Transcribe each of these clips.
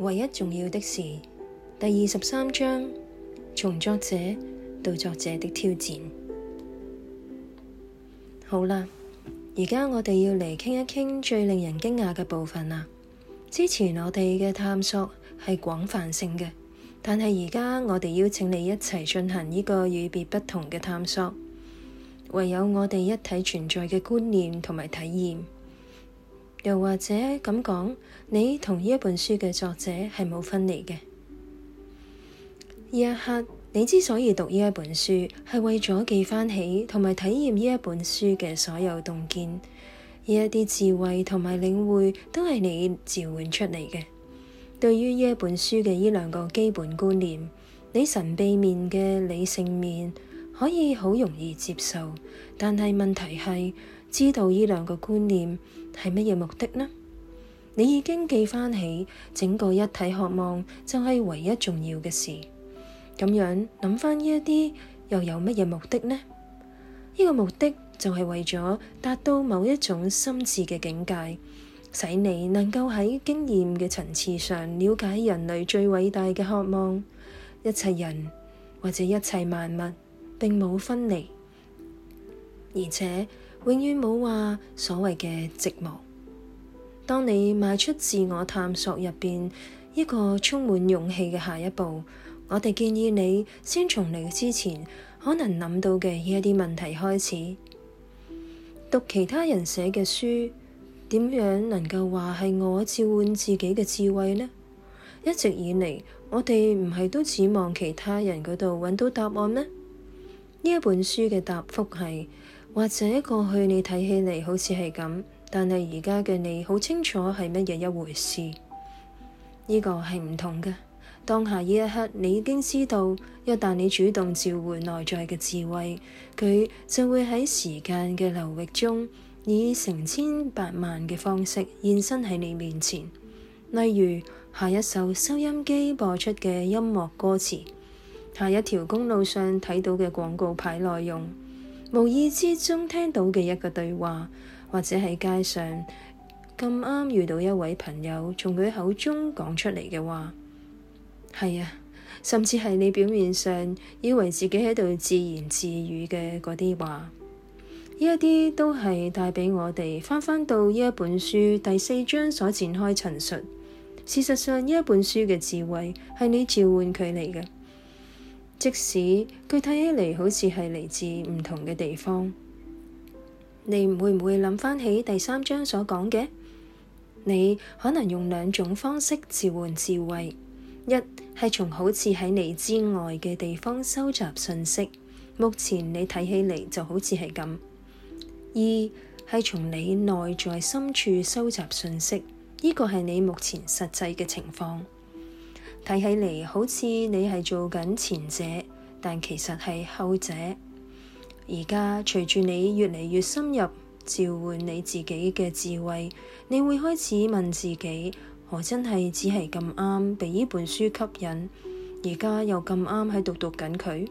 唯一重要的事，第二十三章從作者到作者的挑戰。好啦，而家我哋要嚟傾一傾最令人驚訝嘅部分啦。之前我哋嘅探索係廣泛性嘅，但係而家我哋邀請你一齊進行呢個與別不同嘅探索，唯有我哋一體存在嘅觀念同埋體驗。又或者咁講，你同呢一本書嘅作者係冇分離嘅。呢一刻，你之所以讀呢一本書，係為咗記翻起同埋體驗呢一本書嘅所有洞見，呢一啲智慧同埋領會都係你召喚出嚟嘅。對於呢一本書嘅呢兩個基本觀念，你神秘面嘅理性面可以好容易接受，但係問題係。知道呢兩個觀念係乜嘢目的呢？你已經記翻起整個一體渴望就係唯一重要嘅事。咁樣諗翻呢一啲又有乜嘢目的呢？呢個目的就係為咗達到某一種心智嘅境界，使你能夠喺經驗嘅層次上了解人類最偉大嘅渴望，一切人或者一切萬物並冇分離，而且，永遠冇話所謂嘅寂寞。當你邁出自我探索入邊一個充滿勇氣嘅下一步，我哋建議你先從你之前可能諗到嘅呢一啲問題開始。讀其他人寫嘅書，點樣能夠話係我召喚自己嘅智慧呢？一直以嚟，我哋唔係都指望其他人嗰度揾到答案咩？呢一本書嘅答復係：或者過去你睇起嚟，好似係咁，但係而家嘅你好清楚係乜嘢一回事，呢個係唔同嘅。當下呢一刻，你已經知道，一旦你主動召喚內在嘅智慧，佢就會喺時間嘅流域中，以成千百萬嘅方式現身喺你面前。例如下一首收音機播出嘅音樂歌詞，下一條公路上睇到嘅廣告牌內容。無意之中聽到嘅一個對話，或者喺街上咁啱遇到一位朋友，從佢口中講出嚟嘅話，係啊，甚至係你表面上以為自己喺度自言自語嘅嗰啲話，呢一啲都係帶畀我哋翻翻到呢一本書第四章所展開陳述。事實上，呢一本書嘅智慧係你召喚佢嚟嘅。即使佢睇起嚟好似係嚟自唔同嘅地方，你會唔會諗翻起第三章所講嘅？你可能用兩種方式召喚智慧：一係從好似喺你之外嘅地方收集信息，目前你睇起嚟就好似係咁；二係從你內在深處收集信息，呢個係你目前實際嘅情況。睇起嚟好似你係做緊前者，但其實係後者。而家隨住你越嚟越深入，召喚你自己嘅智慧，你會開始問自己：我真係只係咁啱被呢本書吸引，而家又咁啱喺度讀緊佢？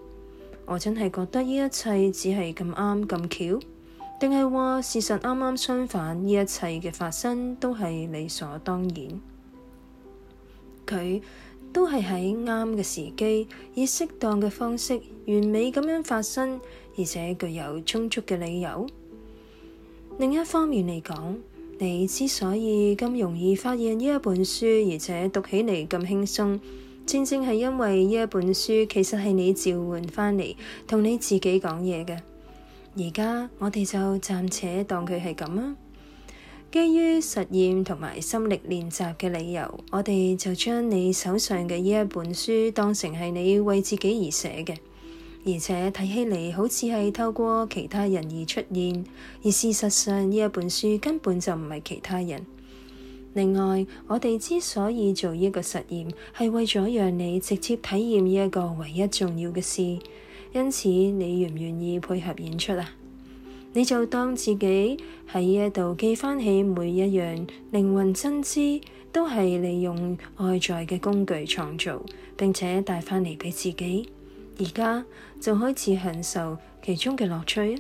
我真係覺得呢一切只係咁啱咁巧，定係話事實啱啱相反？呢一切嘅發生都係理所當然。佢。都係喺啱嘅時機，以適當嘅方式，完美咁樣發生，而且具有充足嘅理由。另一方面嚟講，你之所以咁容易發現呢一本書，而且讀起嚟咁輕鬆，正正係因為呢一本書其實係你召喚翻嚟，同你自己講嘢嘅。而家我哋就暫且當佢係咁啊。基於實驗同埋心力練習嘅理由，我哋就將你手上嘅呢一本書當成係你為自己而寫嘅，而且睇起嚟好似係透過其他人而出現，而事實上呢一本書根本就唔係其他人。另外，我哋之所以做呢個實驗，係為咗讓你直接體驗呢一個唯一重要嘅事，因此你願唔願意配合演出啊？你就當自己喺呢度記翻起每一樣靈魂真知，都係利用外在嘅工具創造，並且帶翻嚟畀自己。而家就開始享受其中嘅樂趣。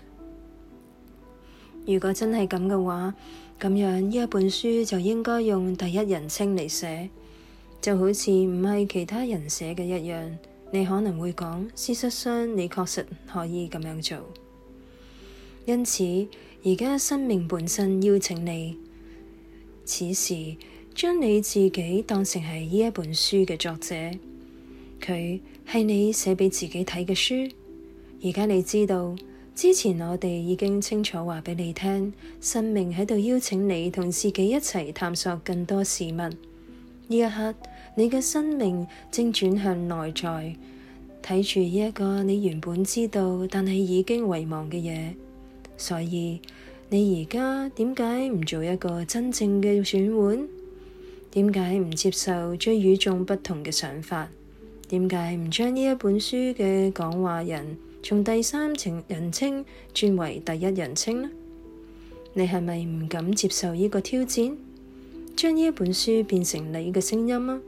如果真係咁嘅話，咁樣呢一本書就應該用第一人稱嚟寫，就好似唔係其他人寫嘅一樣。你可能會講，事實上你確實可以咁樣做。因此，而家生命本身邀請你此時將你自己當成係呢一本書嘅作者，佢係你寫畀自己睇嘅書。而家你知道之前我哋已經清楚話畀你聽，生命喺度邀請你同自己一齊探索更多事物。呢一刻，你嘅生命正轉向內在，睇住呢一個你原本知道但係已經遺忘嘅嘢。所以，你而家點解唔做一個真正嘅轉換，換？點解唔接受最與眾不同嘅想法？點解唔將呢一本書嘅講話人從第三情人稱轉為第一人稱呢？你係咪唔敢接受呢個挑戰？將呢一本書變成你嘅聲音啊，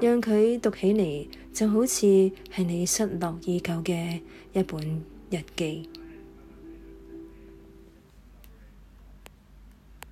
讓佢讀起嚟就好似係你失落已久嘅一本日記。